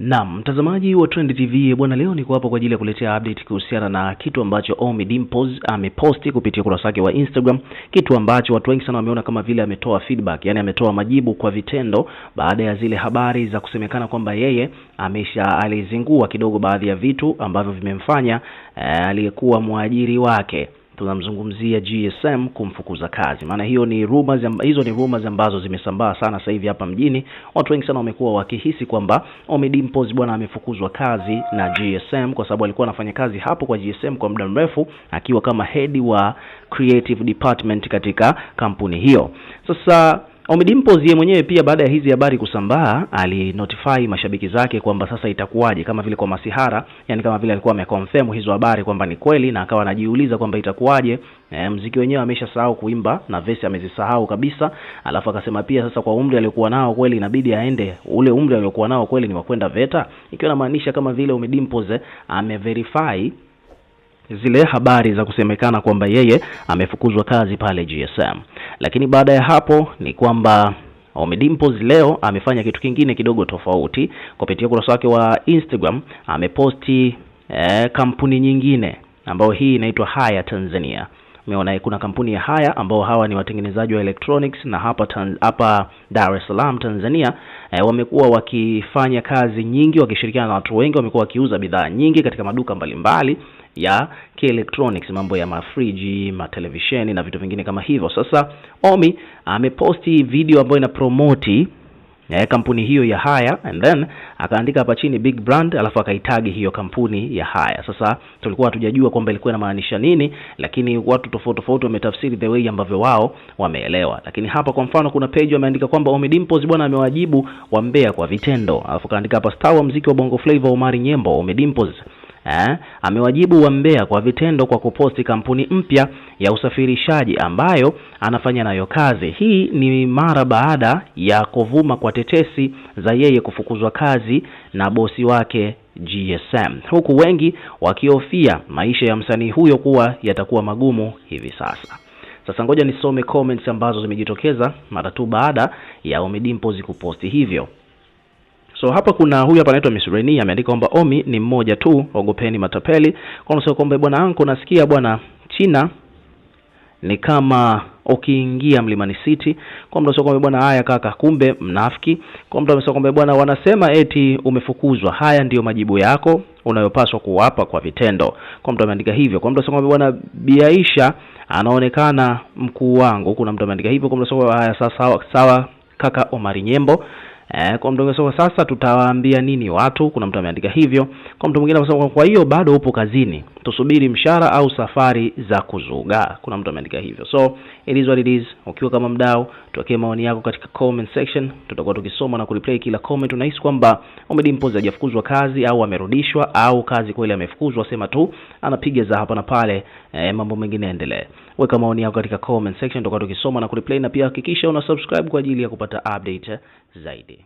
Naam, mtazamaji wa Trend TV bwana, leo niko hapa kwa ajili ya kuletea update kuhusiana na kitu ambacho Ommy Dimpoz ameposti kupitia ukurasa wake wa Instagram, kitu ambacho watu wengi sana wameona kama vile ametoa feedback, yani ametoa majibu kwa vitendo baada ya zile habari za kusemekana kwamba yeye amesha alizingua kidogo baadhi ya vitu ambavyo vimemfanya eh, aliyekuwa mwajiri wake tunamzungumzia GSM kumfukuza kazi. Maana hiyo ni rumors, hizo ni rumors ambazo zimesambaa sana sasa hivi hapa mjini. Watu wengi sana wamekuwa wakihisi kwamba Ommy Dimpoz bwana amefukuzwa kazi na GSM kwa sababu alikuwa anafanya kazi hapo kwa GSM kwa muda mrefu akiwa kama head wa creative department katika kampuni hiyo. Sasa Ommy Dimpoz yeye mwenyewe pia baada ya hizi habari kusambaa, alinotify mashabiki zake kwamba sasa itakuwaje, kama vile kwa masihara, yani kama vile alikuwa ameconfirm hizo habari kwamba ni kweli, na akawa anajiuliza kwamba itakuwaje. E, mziki wenyewe ameshasahau kuimba na vesi amezisahau kabisa, alafu akasema pia sasa kwa umri aliokuwa nao kweli inabidi aende, ule umri aliokuwa nao kweli ni wakwenda VETA, ikiwa inamaanisha kama vile Ommy Dimpoz ameverify zile habari za kusemekana kwamba yeye amefukuzwa kazi pale GSM, lakini baada ya hapo ni kwamba Ommy Dimpoz leo amefanya kitu kingine kidogo tofauti. Kupitia ukurasa wake wa Instagram ameposti eh, kampuni nyingine ambayo hii inaitwa Haya Tanzania. Umeona, eh, kuna kampuni ya Haya ambao hawa ni watengenezaji wa electronics na hapa tan, hapa Dar es Salaam Tanzania e, wamekuwa wakifanya kazi nyingi wakishirikiana na watu wengi, wamekuwa wakiuza bidhaa nyingi katika maduka mbalimbali mbali ya electronics, mambo ya mafriji, matelevisheni na vitu vingine kama hivyo. Sasa Omi ameposti video ambayo ina promoti Eh, kampuni hiyo ya haya and then akaandika hapa chini big brand, alafu akaitagi hiyo kampuni ya haya. Sasa tulikuwa hatujajua kwamba ilikuwa inamaanisha nini, lakini watu tofauti tofauti wametafsiri the way ambavyo wao wameelewa. Lakini hapa kwa mfano, kuna page wameandika kwamba Ommy Dimpoz bwana amewajibu wa mbea kwa vitendo, alafu kaandika hapa star wa muziki wa Bongo Flava Omari Nyembo Ommy Dimpoz eh, amewajibu wa mbea kwa vitendo kwa kuposti kampuni mpya ya usafirishaji ambayo anafanya nayo kazi. Hii ni mara baada ya kuvuma kwa tetesi za yeye kufukuzwa kazi na bosi wake GSM, huku wengi wakihofia maisha ya msanii huyo kuwa yatakuwa magumu hivi sasa. Sasa ngoja nisome comments ambazo zimejitokeza mara tu baada ya Ommy Dimpoz kuposti hivyo. So hapa kuna huyu hapa anaitwa Miss Reni ameandika kwamba Omi ni mmoja tu, ogopeni matapeli. Kwa nasema kwamba bwana anko, nasikia bwana China ni kama ukiingia Mlimani City. Kwa mtu kwamba bwana, haya kaka, kumbe mnafiki. Kwa mtu amesema kwamba bwana, wanasema eti umefukuzwa. Haya ndiyo majibu yako unayopaswa kuwapa kwa vitendo. Kwa mtu ameandika hivyo. Kwa mtu amesema kwamba bwana, Biaisha anaonekana mkuu wangu. Kuna mtu ameandika hivyo. Kwa mtu amesema haya, sawa sawa kaka Omari Nyembo. Eh, kwa mtu mwingine sasa tutawaambia nini watu? Kuna mtu ameandika hivyo. Kwa mtu mwingine anasema kwa hiyo bado upo kazini tusubiri mshara au safari za kuzuga. Kuna mtu ameandika hivyo, so it is what it is. Ukiwa kama mdau, tuwekee maoni yako katika comment section, tutakuwa tukisoma na kureplay kila comment. Unahisi kwamba Ommy Dimpoz hajafukuzwa kazi au amerudishwa au kazi kweli amefukuzwa? Sema tu anapiga za hapa na pale, e, mambo mengine yaendelee. Weka maoni yako katika comment section, tutakuwa tukisoma na kureplay, na pia hakikisha una subscribe kwa ajili ya kupata update eh, zaidi.